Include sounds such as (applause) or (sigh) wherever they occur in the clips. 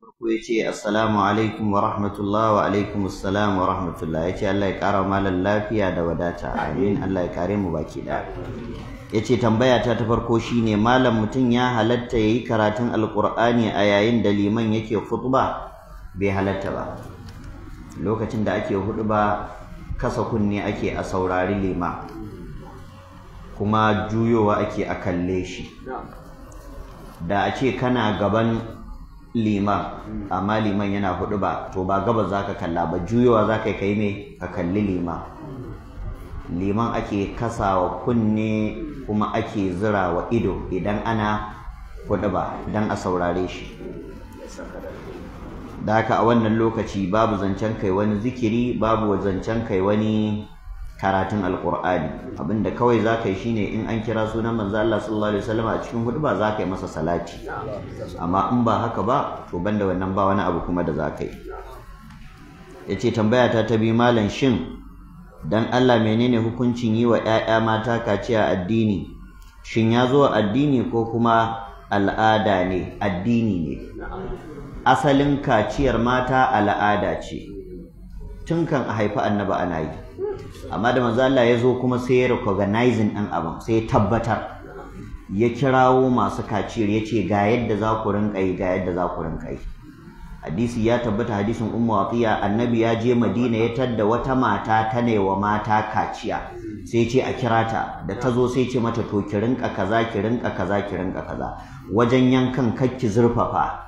farko ya ce assalamu alaikum wa rahmatullah wa alaikum assalam wa rahmatullah ya ce Allah ya kara malam lafiya da wadata amin Allah ya kare mu baki da ya ce tambaya ta ta farko shine malam mutum ya halatta ya yi karatun alkur'ani a yayin da liman yake khutba bai halatta ba lokacin da ake ba kasa kunne ake a saurari lima kuma juyowa ake a kalle shi da a ce kana gaban liman amma liman yana hudu ba to ba gabas ka kalla ba juyowa zaka kai me ka kalli liman liman ake kasawa kunne kuma ake zira wa ido idan ana hudu ba dan a saurare shi da haka a wannan lokaci babu zancen kai wani zikiri babu zancen kai wani karatun Alƙur'ani, abinda kawai za ka yi shine in an kira sunan manzo Allah sallallahu alaihi wasallam a cikin hudba ka yi masa salati amma in ba haka ba to banda wannan ba wani abu kuma da za ka yi yace tambaya ta ta bi malam shin dan Allah menene hukuncin yi wa ƴaƴa mata kaciya addini shin ya zo addini ko kuma al'ada ne addini ne asalin kaciyar mata al'ada ce tun kan a haifi annaba ana yi amma da manzo Allah ya zo kuma sai ya recognizing ɗin abin sai ya tabbatar ya kirawo masu kaciyar ya ce ga yadda za ku rinka yi ga yadda za ku rinka yi hadisi ya tabbata hadisin ummu atiya annabi ya je madina ya tadda wata mata ta ne wa mata kaciya sai ce a kira ta da ta zo sai ce mata to ki rinka kaza ki rinka kaza ki rinka kaza wajen yankan kakki zurfafa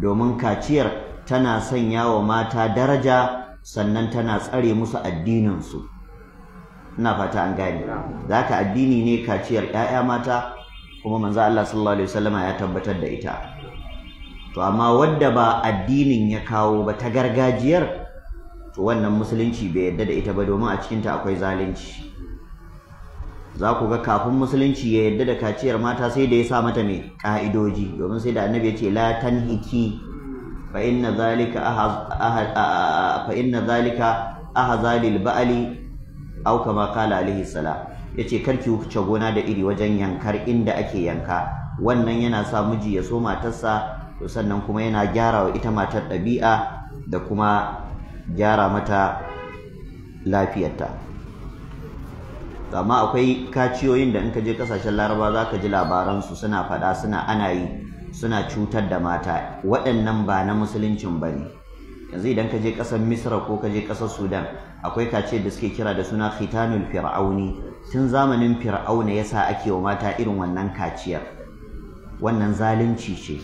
domin kaciyar tana sanya wa mata daraja sannan tana tsare musu addininsu ina fata an gane za ka addini ne kaciyar 'ya'ya mata kuma manzo Allah sallallahu alaihi wasallama ya tabbatar da ita to amma wadda ba addinin ya kawo ba ta gargajiyar to wannan musulunci bai yadda da ita ba domin a cikinta akwai zalunci za ku ga kafin musulunci ya yadda da kaciyar mata sai da ya sa mata mai ka'idoji domin sai da annabi ya ce la tanhiki fa inna zalika ahzalil ba'ali aw kama qala alaihi Sala. yace karki wuce gona da iri wajen yankar inda ake yanka wannan yana sa miji ya so matarsa to sannan kuma yana gyara wa ita matar ɗabi'a da kuma gyara mata lafiyarta amma akwai kaciyoyin da in ka je kasashen laraba za ka ji labaransu suna faɗa suna ana yi suna cutar da mata waɗannan ba na musuluncin ba ne yanzu idan ka je ƙasar misra ko ka je ƙasar sudan akwai kace da suke kira da suna khitanul fir'auni tun zamanin fir'auna yasa ake wa mata irin wannan kaciyar wannan zalunci ce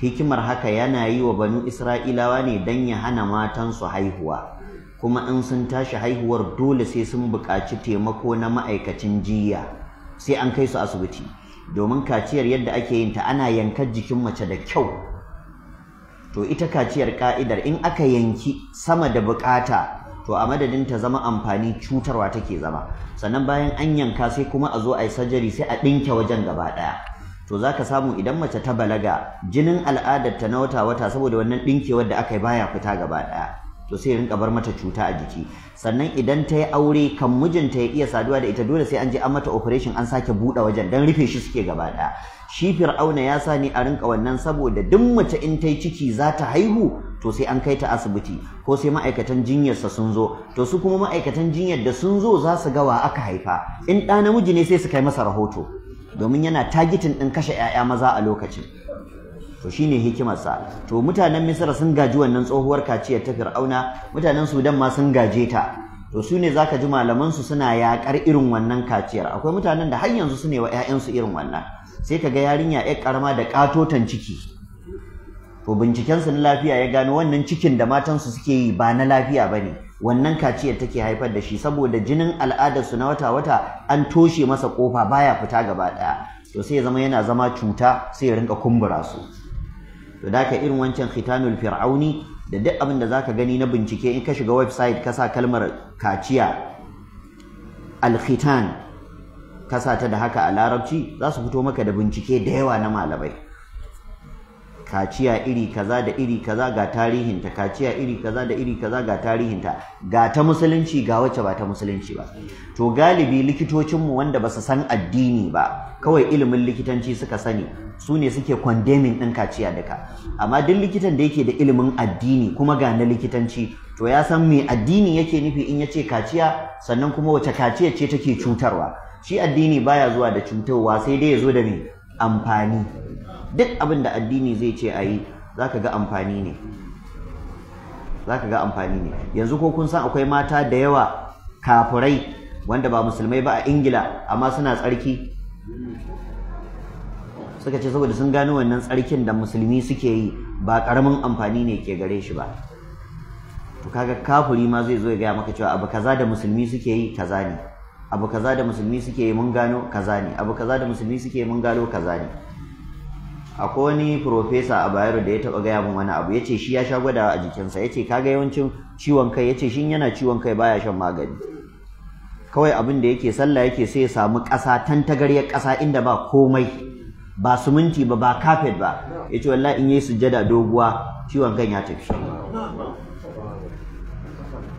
hikimar haka yana yi wa banu isra'ilawa ne don ya hana matansu haihuwa kuma in sun tashi haihuwar dole sai sun buƙaci taimako na ma'aikacin jiya sai an kai su asibiti domin kaciyar yadda ake yin ta ana yankar jikin mace da kyau to ita kaciyar ka'idar in aka yanki sama da bukata to a madadin ta zama amfani cutarwa take zama sannan bayan an yanka sai kuma a zo a yi sajari sai a dinke wajen gaba ɗaya to za ka samu idan mace ta balaga jinin al'adarta na wata-wata saboda wannan dinkewar da aka yi baya fita gaba ɗaya to sai rinka bar mata cuta a jiki sannan idan ta yi aure kan mijinta ya iya saduwa da ita dole sai an je an mata operation an sake buɗe wajen dan rufe shi suke gaba ɗaya shi fir'auna ya sa ni a rinka wannan saboda duk mace in ta yi ciki za ta haihu to sai an kai ta asibiti ko sai ma'aikatan jinyarsa sun zo to su kuma ma'aikatan jinyar da sun zo za su gawa aka haifa in ɗa namiji ne sai su kai masa rahoto domin yana tagitin ɗin kashe 'ya'ya maza a lokacin to shine hikimarsa to mutanen misra sun gaji wannan tsohuwar kaciyar ta fir'auna mutanen sudan ma sun gaje ta to su ne zaka ji malaman su suna yakar irin wannan kaciyar akwai mutanen da har yanzu su ne wa ƴaƴansu irin wannan sai kaga yarinya ƴar karama da katotan ciki to binciken su na lafiya ya gano wannan cikin da matan su suke yi ba na lafiya bane wannan kaciyar take haifar da shi saboda jinin al'adar su na wata wata an toshe masa kofa baya fita gaba daya to sai ya zama yana zama cuta sai ya rinka kumbura su to da ka irin wancan khitanul fir'auni da duk abin da zaka gani na bincike in ka shiga website ka sa kalmar kaciya alkhitan ka sa ta da haka a larabci za su fito maka da bincike da yawa na malamai kaciya iri kaza da iri kaza ga tarihinta kaciya iri kaza da iri kaza ga tarihinta ga ta musulunci ga wacce ba ta musulunci ba to galibi likitocinmu wanda ba su san addini ba kawai ilimin likitanci suka sani su ne suke condemning ɗin kaciya duka amma duk likitan da yake da ilimin addini kuma ga na likitanci to ya san me addini yake nufi in ya ce kaciya sannan kuma wace kaciya ce take cutarwa shi addini baya zuwa da cutarwa sai dai ya zo da me amfani duk abin da addini zai ce a yi za ka ga amfani ne za ka ga amfani ne yanzu ko kun san akwai mata da yawa kafurai wanda ba musulmai ba a ingila amma suna tsarki suka ce saboda sun gano wannan tsarkin da musulmi suke yi ba karamin amfani ne ke gare shi ba to kaga kafuri ma zai zo ya gaya maka cewa abu kaza da musulmi suke yi kaza ne abu kaza da musulmi suke mun gano kaza ne abu kaza da musulmi suke mun gano kaza ne akwai wani profesa a bayero da ya taba gaya min wani abu yace shi ya sha gwadawa a jikinsa yace kaga yawancin ciwon kai yace shin yana ciwon kai baya shan magani kawai abin da yake sallah yake sai ya samu ƙasa tantagaryar ƙasa inda ba komai ba suminti ba ba kafet ba Ya ce wallahi in yayi sujjada doguwa ciwon kan ya tafi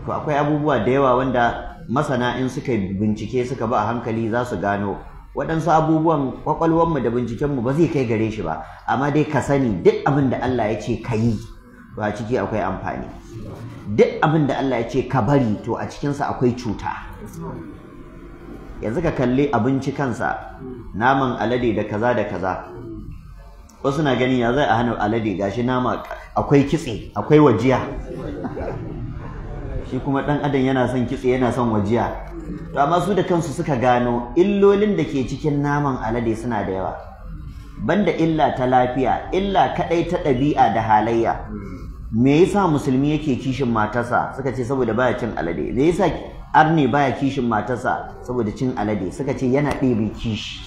to akwai abubuwa da yawa wanda masana in suka bincike suka ba a hankali za su gano waɗansu abubuwan kwakwalwanmu da bincikenmu ba zai kai gare shi ba amma dai ka sani duk abin da Allah ya ce ka yi to a ciki akwai amfani duk abin da Allah ya ce ka bari to a cikinsa akwai cuta yanzu ka kalli abinci kansa naman alade da kaza da kaza wasu na ganin ya zai a hana alade gashi nama akwai kitse akwai wajiya shi kuma ɗan adam yana son kitse yana son wajiya to amma su da kansu suka gano illolin da ke cikin naman alade suna da yawa banda illa ta lafiya illa kaɗai ta ɗabi'a da halayya me yasa musulmi yake kishin matarsa suka ce saboda baya cin alade me yasa arne baya kishin matarsa saboda cin alade suka ce yana ɗebe kishi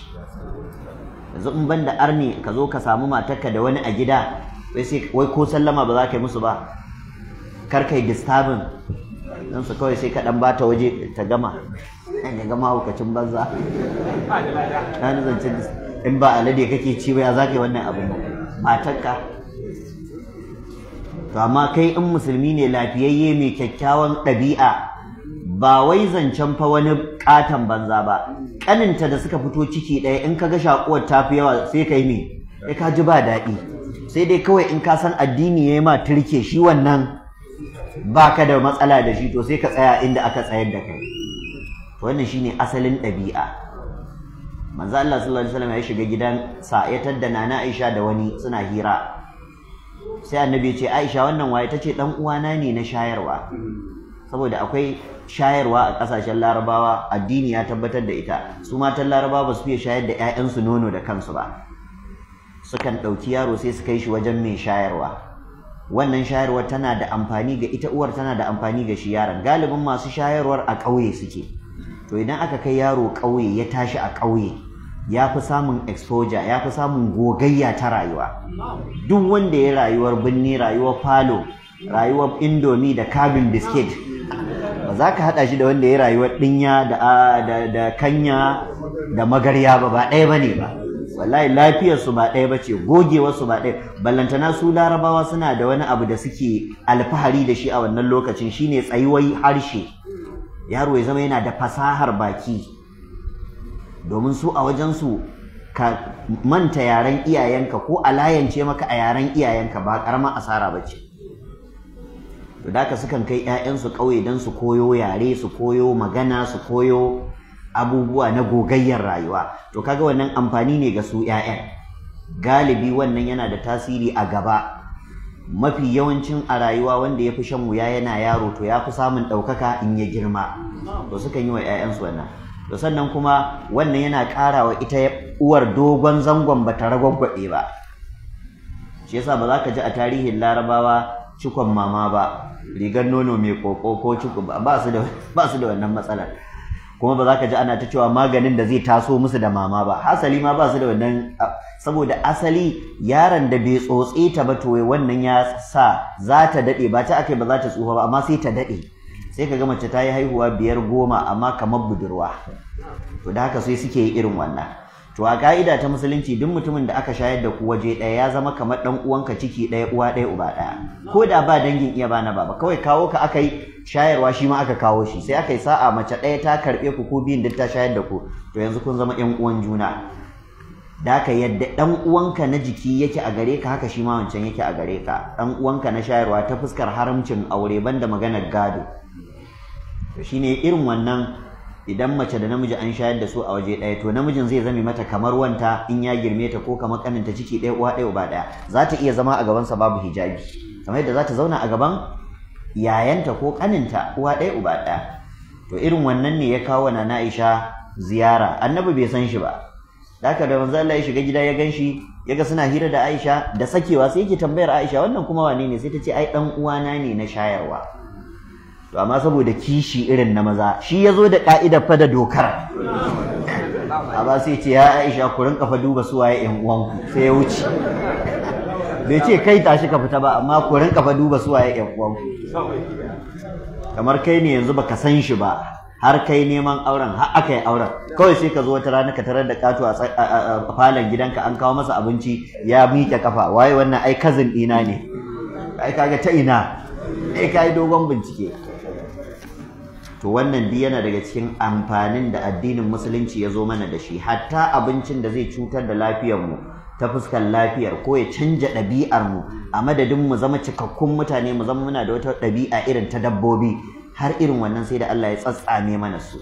yanzu in banda arne ka zo ka samu matarka da wani a gida wai ko sallama ba za ka yi musu ba kar kai disturbing don su kawai sai kaɗan ba ta waje ta gama ya gama hukacin banza na zancen in ba alade kake ci ba ya za yi wannan abin ba. matarka to amma kai in musulmi ne lafiyayye mai kyakkyawan ɗabi'a ba wai zancen fa wani katon banza ba Ƙaninta da suka fito ciki ɗaya in ka ga shakuwar ta fi yawa sai ka yi me sai ka ji ba daɗi sai dai kawai in ka san addini ya yi ma turke shi wannan ba ka da matsala da shi to sai ka tsaya inda aka tsayar da kai wannan shine asalin ɗabi'a manzo Allah sallallahu alaihi wasallam ya shiga gidan sa ya tadda nana Aisha da wani suna hira sai annabi ya ce Aisha wannan waye ce dan uwana ne na shayarwa saboda akwai shayarwa a ƙasashen larabawa addini ya tabbatar da ita su matan larabawa ba su fiye shayar da 'ya'yansu nono da kansu ba sukan ɗauki yaro sai su kai shi wajen mai shayarwa wannan shayarwar tana da amfani ga ita uwar tana da amfani ga shi yaron galibin masu shayarwar a ƙauye suke to idan aka kai yaro ƙauye ya tashi a ƙauye ya fi samun exposure ya fi samun gogayya ta rayuwa duk wanda ya rayuwar binni rayuwar falo rayuwar indomi da kabin biskit ba za ka haɗa shi da wanda ya rayuwar ɗinya da kanya da magarya ba ba ɗaya ba ne ba wallahi lafiyar su ba ɗaya bace gogewar su ba ɗaya ballantana su larabawa suna da wani abu da suke alfahari da shi a wannan lokacin shine tsayuwar harshe yaro ya zama yana da fasahar baki domin su a wajen su ka manta yaren iyayenka ko a alayance maka a yaren iyayenka ba karamar asara bace to da sukan kai 'ya'yansu ƙauye dan su koyo yare su koyo magana su koyo abubuwa na gogayyar rayuwa to kaga wannan amfani ne ga su 'ya'yan galibi wannan yana da tasiri a gaba mafi yawancin a rayuwa wanda ya fi shan wuya yana yaro to ya fi samun ɗaukaka in ya girma to sukan yi wa 'ya'yansu wannan to sannan kuma wannan yana ƙara wa ita uwar dogon zangon ba ta ragwaggwaɓe ba shi yasa ba za ka ji a tarihin larabawa cikon mama ba rigar nono mai koko ko cikon ba su da wannan matsalar kuma ba za ka ji ana ta cewa maganin da zai taso musu da mama ba hasali ma ba su da wannan saboda asali yaron da bai tsotse ta ba to wannan ya sa za ta daɗe ba ta aka ba za ta tsufa ba amma sai ta daɗe sai ka ga mace ta yi haihuwa biyar goma amma kamar budurwa to da haka sai suke yi irin wannan to a ka'ida ta musulunci duk mutumin da aka shayar da ku waje daya ya zama kamar ɗan uwanka ciki daya, uwa ɗaya uba ɗaya ko da ba dangin iya ba na baba kawai kawo ka aka yi shayarwa shi ma aka kawo shi sai aka yi sa'a mace ɗaya ta karɓe ku ko biyun duk ta shayar da ku to yanzu kun zama ƴan uwan juna da ka yadda ɗan uwanka na jiki yake a gare ka haka shi ma wancan yake a gare ka ɗan uwanka na shayarwa ta fuskar haramcin aure banda maganar gado to shine irin wannan idan mace da namiji an shayar da su a waje ɗaya to namijin zai zame mata kamar wanta in ya girme ta ko kamar kaninta ciki ɗaya uwa ɗaya uba ɗaya za ta iya zama a gabansa babu hijabi kamar yadda za ta zauna a gaban yayanta ko kaninta uwa ɗaya uba ɗaya to irin wannan ne ya kawo na Na'isha ziyara annabi bai san shi ba da da manzo Allah ya shiga gida ya gan shi ya ga suna hira da Aisha da sakewa sai yake tambayar Aisha wannan kuma wane ne sai ta ce ai ɗan uwana ne na shayarwa to amma saboda kishi irin na maza shi ya zo da ka'idar fa da dokar amma sai ce ya Aisha ku rinka fa duba su waye ƴan uwanku sai ya wuce bai ce kai tashi ka fita ba amma ku rinka fa duba su waye ƴan uwan kamar kai ne yanzu baka san shi ba har kai neman auren har aka yi auren kawai sai ka zo wata rana ka tarar da katu a falon gidanka an kawo masa abinci ya miƙe kafa waye wannan ai kazin ina ne ai kaga ta ina ai kai dogon bincike to wannan duk yana daga cikin amfanin da addinin musulunci ya zo mana da shi hatta abincin da zai cutar da lafiyar mu ta fuskar lafiyar ko ya canja ɗabi'ar mu a madadin mu zama cikakkun mutane mu zama muna da wata ɗabi'a irin ta dabbobi har irin wannan sai da Allah ya tsatsame mana su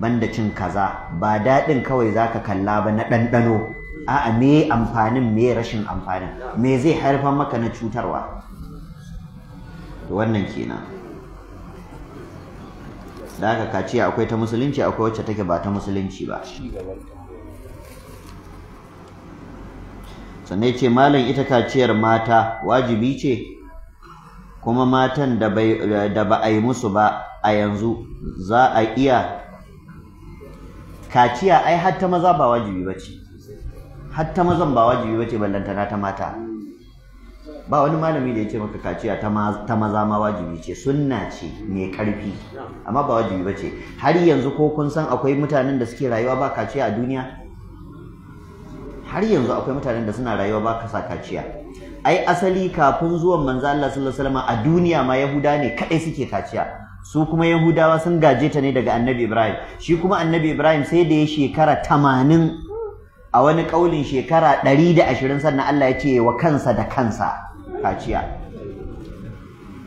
banda cin kaza ba daɗin kawai zaka kalla ba na ɗanɗano a'a me amfanin me rashin amfanin me zai haifar maka na cutarwa wannan kenan da haka kaciya akwai ta musulunci akwai wacce take ba ta musulunci ba sannan ce malam ita kaciyar mata wajibi ce kuma matan da ba a yi musu ba a yanzu za a iya kaciya ai hatta maza ba wajibi ba ce hatta mazan ba wajibi ba ce ballantana ta mata ba wani malami da ya ce maka kaciya ta maza ma wajibi ce sunna ce mai karfi amma ba wajibi ba ce har yanzu ko kun san akwai mutanen da suke rayuwa ba kaciya a duniya har yanzu akwai mutanen da suna rayuwa ba kasa kaciya ai asali kafin zuwan manzo Allah sallallahu alaihi wasallam a duniya ma yahuda ne kadai suke kaciya su kuma yahudawa sun gaje ta ne daga annabi ibrahim shi kuma annabi ibrahim sai da ya shekara tamanin a wani kaulin shekara ɗari da ashirin sannan Allah ya ce wa kansa da kansa kaciya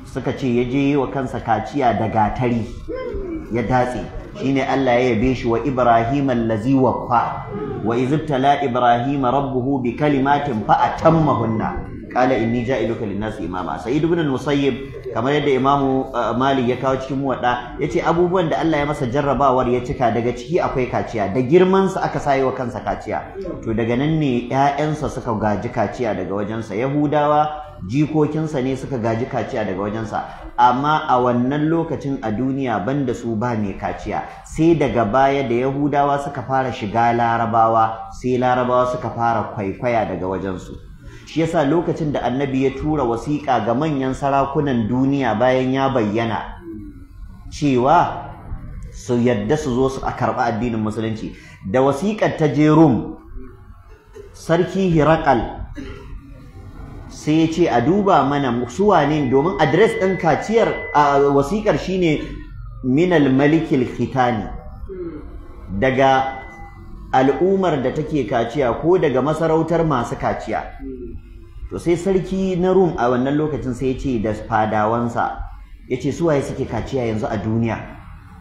suka ce ya je wa kansa kaciya da gatari ya datse Shi ne Allah ya yabe shi wa Ibrahim allazi waffa wa izbtala Ibrahim rabbuhu bi kalimatin fa atammahunna qala inni ja'iluka lin-nasi imama sayyid ibn al-Musayyib kamar yadda Imam uh, Malik ya kawo cikin ya yace abubuwan da Allah ya masa jarrabawar ya cika daga ciki akwai kaciya da girman sa aka sayi wa kansa kaciya to daga nan ne ƴaƴansa suka gaji kaciya daga wajensa Yahudawa jikokinsa ne suka gaji kaciya daga wajensa amma a wannan lokacin a duniya banda su ba mai kaciya sai daga baya da yahudawa suka fara shiga larabawa sai larabawa suka fara kwaikwaya daga wajensu shi yasa lokacin da annabi ya tura wasiƙa ga manyan sarakunan duniya bayan ya bayyana cewa su yadda su zo su a karɓa addinin musulunci da wasiƙar ta je rum sarki hirakal sai ya ce a duba mana su wane domin adres ɗin kaciyar a wasikar shine minal malikil khitani daga al'ummar da take kaciya ko daga masarautar masu kaciya to sai sarki na rum a wannan lokacin sai ya ce da fadawansa ya ce suwaye suke kaciya yanzu a duniya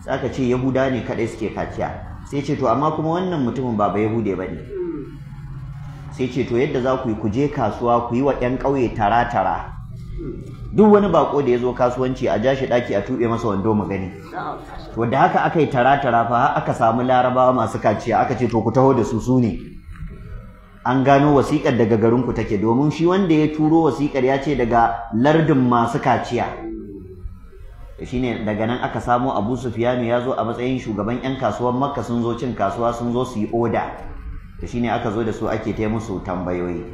sai aka ce yahuda ne kaɗai suke kaciya sai ce to amma kuma wannan mutumin ba ba yahude ba ne sai ce to yadda za ku yi ku je kasuwa ku yi wa 'yan ƙauye tara-tara duk wani baƙo da ya zo kasuwanci a jashi ɗaki a tuɓe masa wando mu gani to da haka aka yi tara-tara fa aka samu larabawa masu kaciya aka ce to ku taho da su su ne an gano wasiƙar daga garinku take domin shi wanda ya turo wasiƙar ya ce daga lardin masu kaciya shine daga nan aka samo abu sufiyanu ya zo a matsayin shugaban 'yan kasuwan makka sun zo cin kasuwa sun zo su yi oda to shine aka zo da su ake ta musu tambayoyi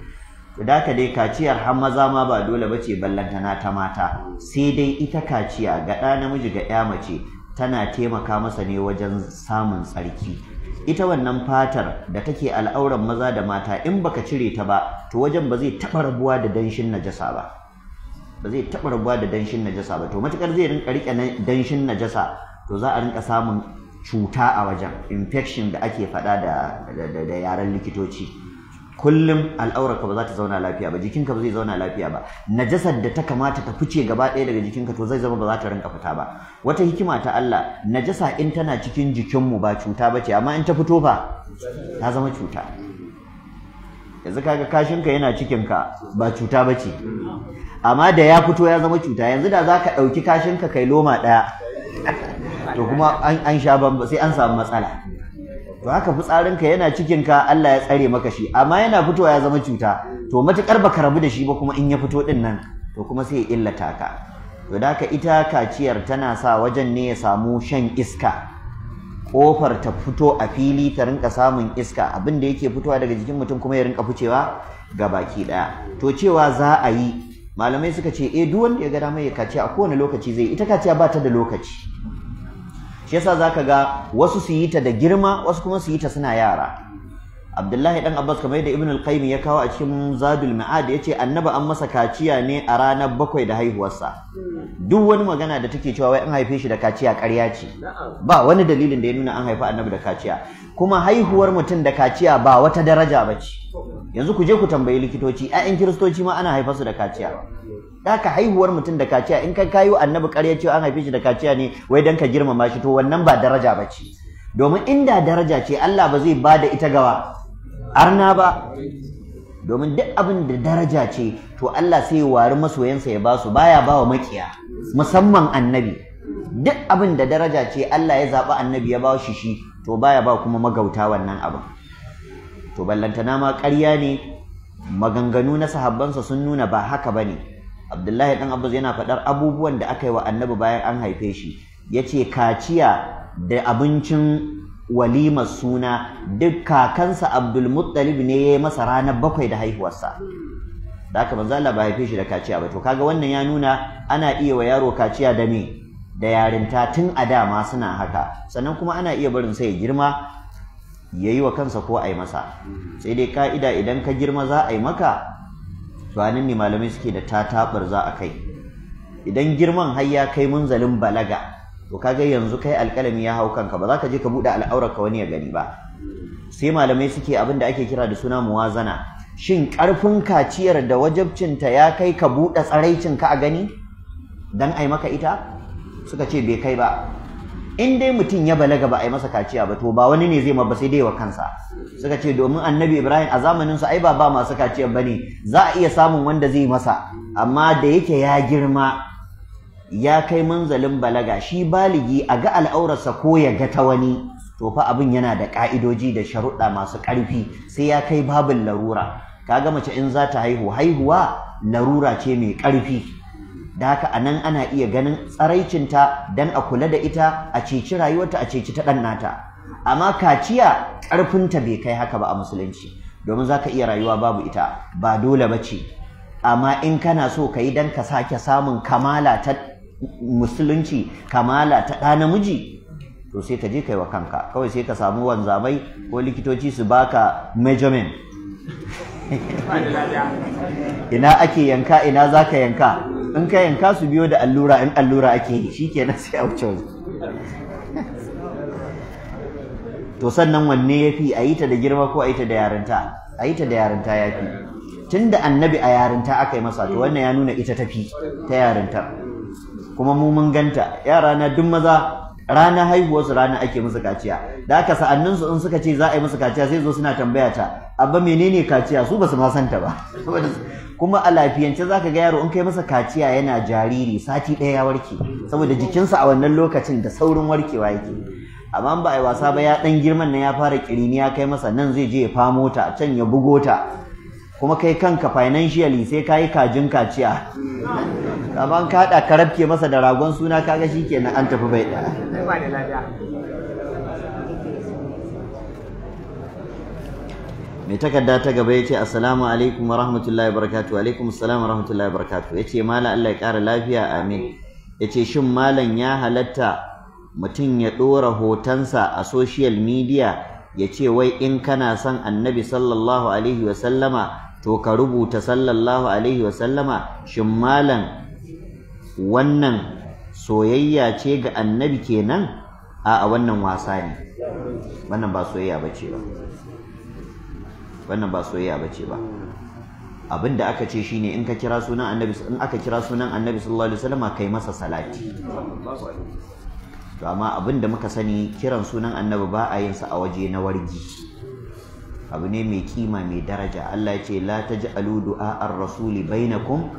to da ka dai kaciyar har maza ma ba dole bace na ta mata sai dai ita kaciya ga ɗa namiji ga ya mace tana taimaka masa ne wajen samun tsarki ita wannan fatar da take al'auran maza da mata in baka cire ta ba to wajen ba zai taɓa rabuwa da danshin najasa ba ba zai taɓa rabuwa da danshin najasa ba to matukar zai rinka rike danshin najasa to za a rinka samun cuta a wajen infection da ake faɗa da yaren likitoci kullum al'aurarka ba za ta zauna lafiya ba jikinka ba zai zauna lafiya ba najasar da ta kamata ta fice gaba ɗaya daga jikinka to zai zama ba za ta rinka fita ba wata hikima ta Allah najasa in tana cikin jikinmu ba cuta ba ce amma in ta fito fa ta zama cuta yanzu kaga kashinka yana cikinka ba cuta ba ce amma da ya fito ya zama cuta yanzu da za ka ɗauki kashinka kai loma ɗaya to kuma an sha bamba sai an samu matsala to haka fitsarinka yana cikin ka Allah ya tsare maka shi amma yana fitowa ya zama cuta to matukar baka rabu da shi ba kuma in ya fito din nan to kuma sai ya illata ka to da haka ita kaciyar tana sa wajen ne ya samu shan iska kofar ta fito a fili ta rinka samun iska Abinda da yake fitowa daga jikin mutum kuma ya rinka ficewa ga baki daya to cewa za a yi malamai suka ce eh duk wanda ya ga dama ya kaciya a kowane lokaci zai ita kaciya ba ta da lokaci shi yasa zaka ga wasu su yi ta da girma wasu kuma su yi ta suna yara Abdullahi dan Abbas kamar yadda Ibn al-Qayyim ya kawo a cikin Zadul Ma'ad yace annabi an masa kaciya ne a ranar bakwai da haihuwarsa duk wani magana da take cewa wai an haife shi da kaciya ƙarya ce ba wani dalilin da ya nuna an haifa annabi da kaciya kuma haihuwar mutum da kaciya ba wata daraja ba ce yanzu ku je ku tambayi likitoci 'ya'yan kiristoci ma ana haifa su da kaciya daka haihuwar mutum da kaciya in ka kayo annabi ƙarya cewa an haife shi da kaciya ne wai dan ka girmama shi to wannan ba daraja ba ce domin inda daraja ce Allah ba zai ba da ita gawa arna ba domin duk abin da daraja ce to Allah sai ya wari masoyansa ya basu baya bawa makiya musamman annabi duk abin da daraja ce Allah ya zaɓi annabi ya ba shi shi to baya ba kuma magauta wannan abin to ballantana ma ƙarya ne maganganu na sahabbansa sun nuna ba haka ba ne. Abdullahi ɗan Abbas yana faɗar abubuwan da aka yi wa annabi bayan an haife shi yace kaciya da abincin walimar suna duk kakansa abdulmuttalib ne ya yi masa ranar bakwai da haihuwarsa da haka manzo Allah ba haife shi da kaciya ba to kaga wannan ya nuna ana iya wa yaro kaciya da me da yarinta tun a dama suna haka sannan kuma ana iya barin sai ya girma ya yi wa kansa ko a yi masa sai dai ka'ida idan ka girma za a yi maka to ne malamai suke da tatabar za a kai idan girman har ya kai munzalin balaga to ka ga yanzu kai alƙalami ya hau kanka ba za ka je ka buɗe al'aurar ka wani ya gani ba sai malamai suke abin da ake kira da suna muwazana shin ƙarfin kaciyar da wajabcinta ya kai ka buɗe tsaraicin ka a gani dan ai maka ita suka ce bai kai ba in dai mutum ya balaga ba a yi masa kaciya ba to ba wani ne zai ba sai dai wa kansa suka ce domin annabi ibrahim a zamaninsu ai ba ba masu kaciya ba ne za a iya samun wanda zai masa amma da yake ya girma ya kai manzalin balaga shi baligi a ga al'aurarsa ko ya ga ta wani to abin yana da ka'idoji da sharuɗa masu ƙarfi sai ya kai babin larura Ka ga mace in za ta haihu haihuwa larura ce mai ƙarfi da haka anan ana iya ganin tsaraicinta don a kula da ita a ceci rayuwarta a ceci ta ɗan nata amma kaciya ƙarfinta bai kai haka ba a musulunci domin za ka iya rayuwa babu ita ba dole ba ce amma in kana so ka yi don ka sake samun kamala ta musulunci kamala ta ɗa namiji to sai ka je kai wa kanka kawai sai ka samu wanzamai ko likitoci su baka measurement (laughs) ina ake yanka ina za ka yanka in ka yanka su biyo da allura in allura ake yi shi ke sai a wuce to sannan wanne ya fi a yi ta da girma ko a yi ta da yarinta a yi ta da yarinta ya fi tun da annabi a yarinta aka yi masa to wannan ya nuna ita tafi ta yarintar kuma mu mun ganta yara na duk maza rana haihuwarsu rana ake musu kaciya da sa'annin sa'anninsu in suka ce za a yi musu kaciya sai zo suna tambaya ta abba menene kaciya su basu ma santa ba (laughs) kuma a lafiyance za ka ga yaro in kai masa kaciya yana jariri sati ɗaya ya warke saboda jikinsa a wannan lokacin da saurin warkewa yake amma ba a yi wasa ba ya ɗan girman na ya fara ƙirini ya kai masa nan zai je ya famo ta can ya bugo ta kuma kai kanka financially sai ka yi kajin kaciya kaman ka haɗa ka rabke masa da ragon suna kaga shi kenan an tafi bai ɗaya mai takarda ta gaba ya ce assalamu alaikum wa rahmatullahi barakatu alaikum assalamu wa rahmatullahi barakatu ya ce mala Allah ya ƙara lafiya amin ya ce shin malam ya halatta mutum ya ɗora hotonsa a social media ya ce wai in kana son annabi sallallahu alaihi wasallama to ka rubuta sallallahu alaihi wasallama shin malam wannan soyayya ce ga annabi kenan a wannan wasa ne wannan ba soyayya ba ce ba wannan ba soyayya ba ce ba abin da aka ce shine in ka kira sunan annabi in aka kira sunan annabi sallallahu alaihi wasallama kai masa salati to amma abin da muka sani kiran sunan annabi ba a yin sa a waje na wargi abu ne mai kima mai daraja Allah ya ce la alu du'a ar-rasuli bainakum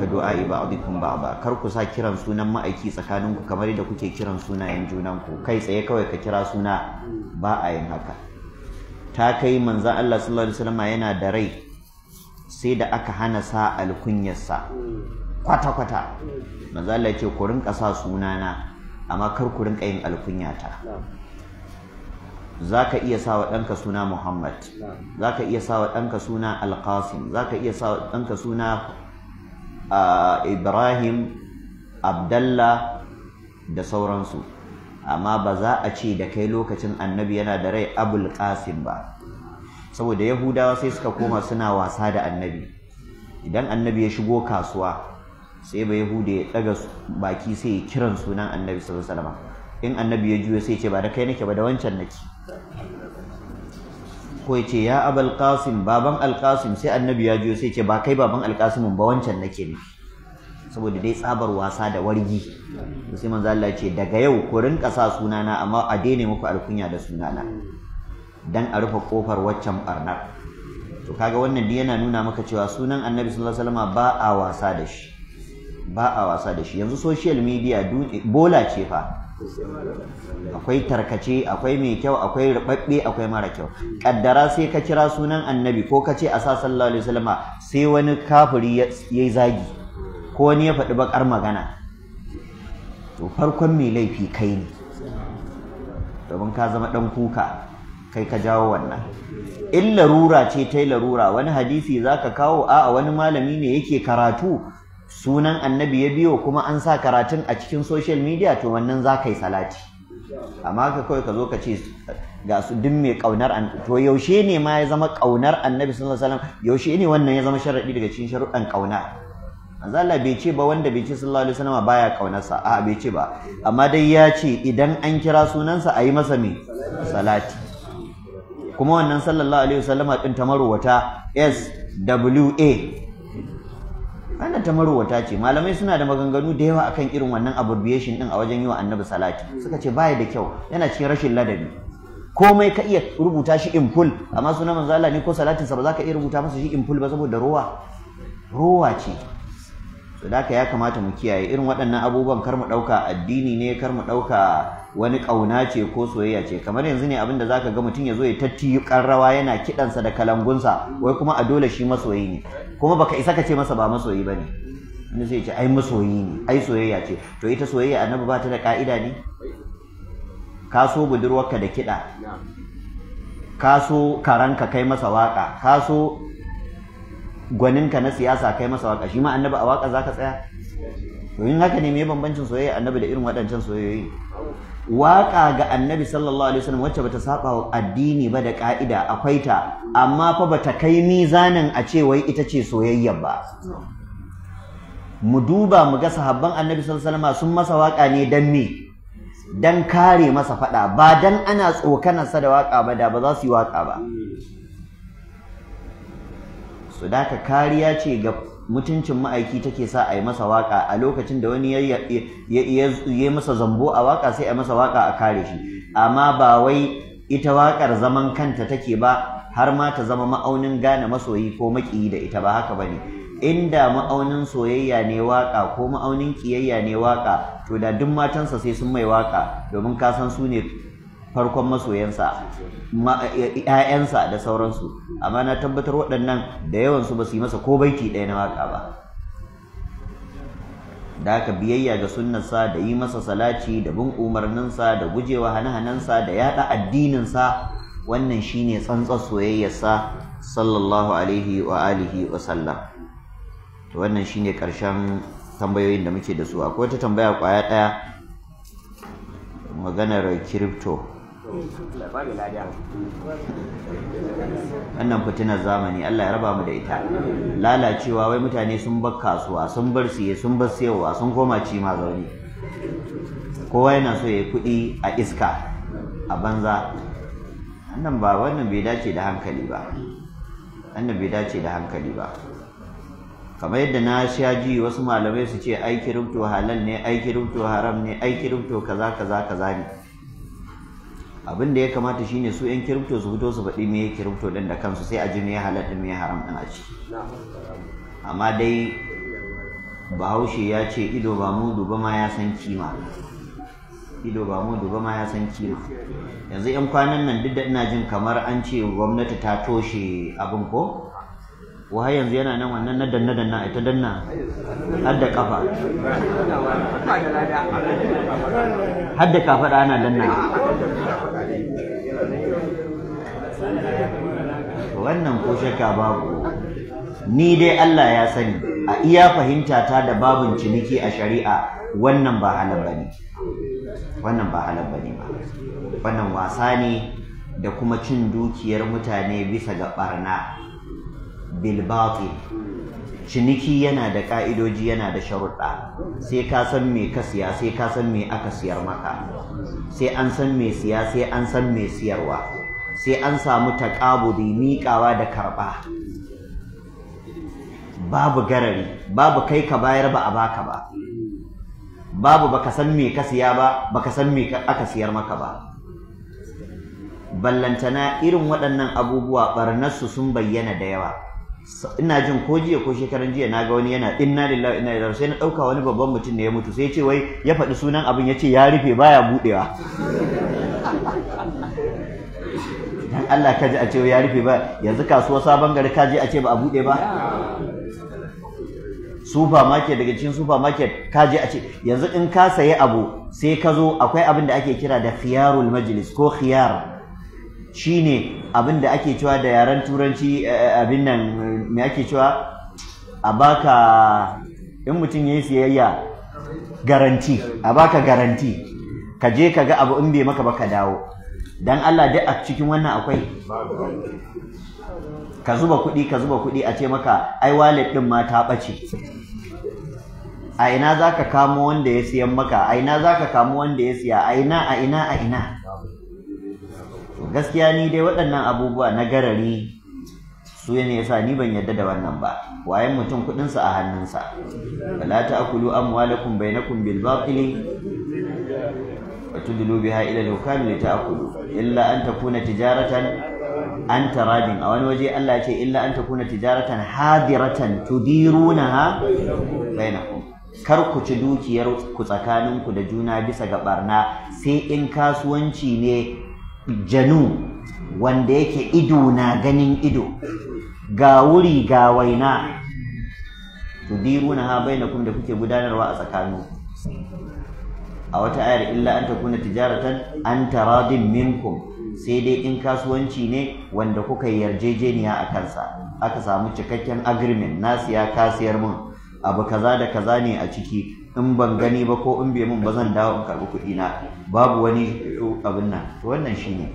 ka du'a ba'dikum ba'da kar ku sa kiran sunan ma'aiki tsakanin ku kamar da kuke kiran sunayen junan ku kai tsaye kawai ka kira suna ba a yin haka ta kai manzo Allah sallallahu alaihi wasallam yana da rai sai da aka hana sa alkunyarsa kwata kwata manzo Allah ya ce ku rinka sa sunana amma kar ku rinka yin alkunyata za ka iya sa ɗanka suna muhammad za ka iya sa ɗanka suna alƙasim za ka iya sa ɗanka suna ibrahim abdallah da sauransu amma ba za a ce da kai lokacin annabi yana da rai abul qasim ba saboda yahudawa sai suka koma suna wasa da annabi idan annabi ya shigo kasuwa sai ba yahuda ya ɗaga baki sai ya kiran sunan annabi sallallahu alaihi wasallam in annabi ya juya sai ce ba da kai nake ba da wancan nake ko ya ce ya abal qasim baban alqasim sai annabi ya jiyo sai ce ba kai baban alkasimin ba wancan nake ne saboda dai tsabar wasa da wargi to sai manzo Allah ya ce daga yau ku rinka sa sunana amma a daina muku alkunya da sunana dan a rufe kofar waccan barnar to kaga wannan dai yana nuna maka cewa sunan annabi sallallahu alaihi wasallam ba a wasa da shi ba a wasa da shi yanzu social media bola ce fa akwai tarkace akwai mai kyau akwai rubabbe akwai mara kyau kaddara sai ka kira sunan annabi ko ka ce a sa sallallahu alaihi wasallama sai wani kafiri yayi zagi ko wani ya faɗi bakar magana to farkon mai laifi kai ne domin ka zama dan kuka kai ka jawo wannan in larura ce ta larura wani hadisi zaka kawo a wani malami ne yake karatu sunan annabi ya biyo kuma an sa karatun a cikin social media to wannan za ka yi salati amma ka kawai ka zo ka ce ga su duk mai kaunar annabi to yaushe ne ma ya zama kaunar annabi sallallahu alaihi wasallam yaushe ne wannan ya zama sharadi daga cikin sharuɗan kauna manzo Allah bai ce ba wanda bai ce sallallahu alaihi wasallam baya ƙaunarsa? a'a bai ce ba amma dai ya ce idan an kira sunansa a yi masa me salati kuma wannan sallallahu alaihi wasallam din ta maruwata S W A wannan ta marowata ce malamai suna da maganganu da yawa akan irin wannan abbreviation din a wajen yi wa annabi salati suka ce baya da kyau yana cikin rashin ladabi komai ka iya rubuta shi in full amma suna manzo Allah ne ko salatin sa ba za ka iya rubuta masa shi in full ba saboda ruwa? ruwa ce to da ya kamata mu kiyaye irin waɗannan abubuwan kar mu ɗauka addini ne kar mu ɗauka wani ƙauna ce ko soyayya ce kamar yanzu ne abin da zaka ga mutum ya zo ya tattiyu rawa yana kiɗansa da kalangunsa wai kuma a dole shi masoyi ne kuma baka isa ka ce masa ba masoyi ba ne wani sai ce ai masoyi ne ai soyayya ce to ita soyayya annabi ba ta da ka'ida ne ka so budurwarka da kiɗa ka so karanka kai masa waka ka so gwaninka na siyasa kai masa waka shi ma annabi a waka ka tsaya to in haka ne me bambancin soyayya annabi da irin waɗancan soyayyoyi waƙa ga annabi sallallahu alaihi wasallam wacce bata saba wa addini ba da ka'ida akwai ta amma fa bata kai mizanin a ce wai ita ce soyayya ba mu duba mu ga sahabban annabi sallallahu alaihi wasallam sun masa waka ne dan me dan kare masa fada ba dan ana tsokanar sa da waka ba da ba za su yi waƙa ba su da ka kariya ce ga mutuncin ma'aiki take sa a yi masa waka a lokacin da wani ya masa zambo a waka sai a masa waka a kare shi amma ba wai ita wakar zaman kanta take ba har ma ta zama ma'aunin gane masoyi ko maƙiyi da ita ba haka bane inda ma'aunin soyayya ne waka ko ma'aunin kiyayya ne waka to da duk matansa sai sun mai waka domin ka san su ne farkon masoyansa ‘ya'yansa da sauransu amma na tabbatar waɗannan da yawansu ba su yi masa ko baiti ɗaya na waƙa ba da haka biyayya ga sunnarsa da yi masa salaci da bin umarninsa da gujewa hane-hanensa da yaɗa addininsa wannan shine tsantsar soyayyarsa sallallahu alaihi wa alihi wa sallam to wannan shine ƙarshen tambayoyin da muke da su akwai wata tambaya ƙwaya ɗaya maganar kiripto wannan fitinar zamani Allah ya raba mu da ita lalacewa wai mutane sun bar kasuwa sun bar siye sun bar sayarwa sun koma ci ma zaune kowa yana so ya kuɗi a iska a banza wannan ba wannan bai dace da hankali ba wannan bai dace da hankali ba kamar yadda na sha ji wasu malamai su ce aiki rubuto halal ne aiki rubuto haram ne aiki rubuto kaza kaza kaza ne abin da ya kamata shine su yan kirifto su fito su faɗi me kirifto ɗin da kansu sai a ji me ya halal ɗin me ya haram ɗin a ciki amma dai bahaushe ya ce ido ba mu duba ma ya san kima ido ba mu duba ma ya san kima yanzu yan kwanan nan duk da ina jin kamar an ce gwamnati ta toshe abin ko wa yanzu yana nan wannan na danna danna ita danna Har da kafa kafa da ana danna wannan ko shakka babu ni dai Allah ya sani a iya fahimta ta da babun ciniki a shari'a wannan ba halal bane wannan ba halal bane ba wannan wasa ne da kuma cin dukiyar mutane bisa ga barna bil ciniki yana da ka'idoji yana da sharuɗa sai ka san me ka siya sai ka san me aka siyar maka sai an san me siya sai an san me siyarwa sai an samu taƙabudi miƙawa da karɓa babu garari babu kai ka bayar ba a baka ba babu baka san me ka siya ba baka san me aka siyar maka ba ballantana irin waɗannan abubuwa ɓarnarsu sun bayyana da yawa ina jin ko jiya ko shekaran jiya na ga wani yana inna lillahi inna ilaihi sai na dauka wani babban mutum ne ya mutu sai ya ce wai ya faɗi sunan abin ya ce ya rufe baya budewa (laughs) dan Allah ka ji a ce ya rufe ba yanzu kasuwa sabon gari ka ji a ce ba a bude ba supermarket daga cikin supermarket ka ji a ce yanzu in ka sayi abu sai ka zo akwai abin da ake kira da khiyarul majlis ko khiyar shine abin da ake cewa da yaren turanci eh, eh, abin nan me ake cewa a baka in mutum ya yi siyayya garanti a baka garanti ka je ka ga abu in bai maka ba ka dawo dan Allah dai a cikin wannan akwai ka zuba kuɗi ka zuba kuɗi a ce maka ai wallet ɗin ma ta ɓace a ina za ka kamo wanda ya siyan maka a ina za ka kamo wanda ya siya a ina a ina a ina to gaskiya ni dai waɗannan abubuwa na garari su ne yasa ni ban yadda da wannan ba wayan mutum kudinsa a hannunsa wala ta'kulu amwalakum bainakum bil batili wa tudlu biha ila al-hukam li ta'kulu illa an takuna tijaratan an taradin a wani waje Allah ce illa an takuna tijaratan hadiratan tudirunaha bainakum kar ku ci dukiyar ku tsakaninku da juna bisa ga barna sai in kasuwanci ne janu wanda yake ido na ganin ido ga wuri ga waina tudiruna ha bainakum da kuke gudanarwa a tsakanin a wata ayar illa an kuna tijaratan an taradin minkum sai dai in kasuwanci ne wanda kuka yi yarjejeniya a kansa aka samu cikakken agreement na siya mun abu kaza da kaza ne a ciki in ban gani ba ko in bai mun ba zan dawo in karɓi kuɗi na babu wani eh, abin nan to wannan shine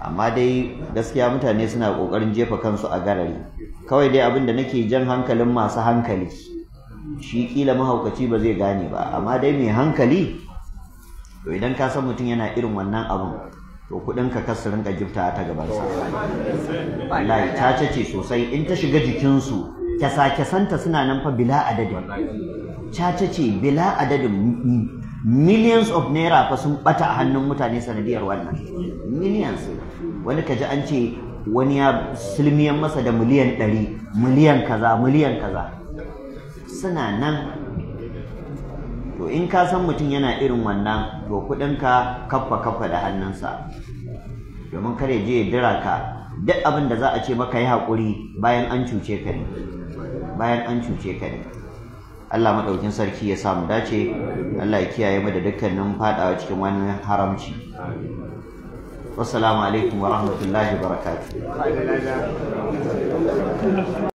amma dai gaskiya mutane suna kokarin jefa kansu a garari kawai dai abin da nake jan hankalin masu hankali shi kila mahaukaci ba zai gane ba amma dai mai hankali to idan ka san mutum yana irin wannan abin to kudin ka kasu rinka gifta ta gaban sa wallahi ta ce sosai in ta shiga jikinsu kyasa-kyasanta suna nan fa bila adadi caca ce bila adadin millions of naira fa sun bata a hannun mutane sanadiyar wannan millions wani kaji an ce wani ya silmiyan masa da miliyan ɗari miliyan kaza miliyan kaza suna nan to in ka san mutum yana irin wannan to kuɗinka kaffa kaffa da hannunsa domin kare je ya dira ka duk abin da za a ce maka yi haƙuri bayan an cuce ka ne bayan an cuce ka ne Allah maɗaukin sarki ya samu dace Allah ya kiyaye mu da dukkanin fadawa cikin wani haramci wassalamu alaikum wa rahmatullahi wa barakatuh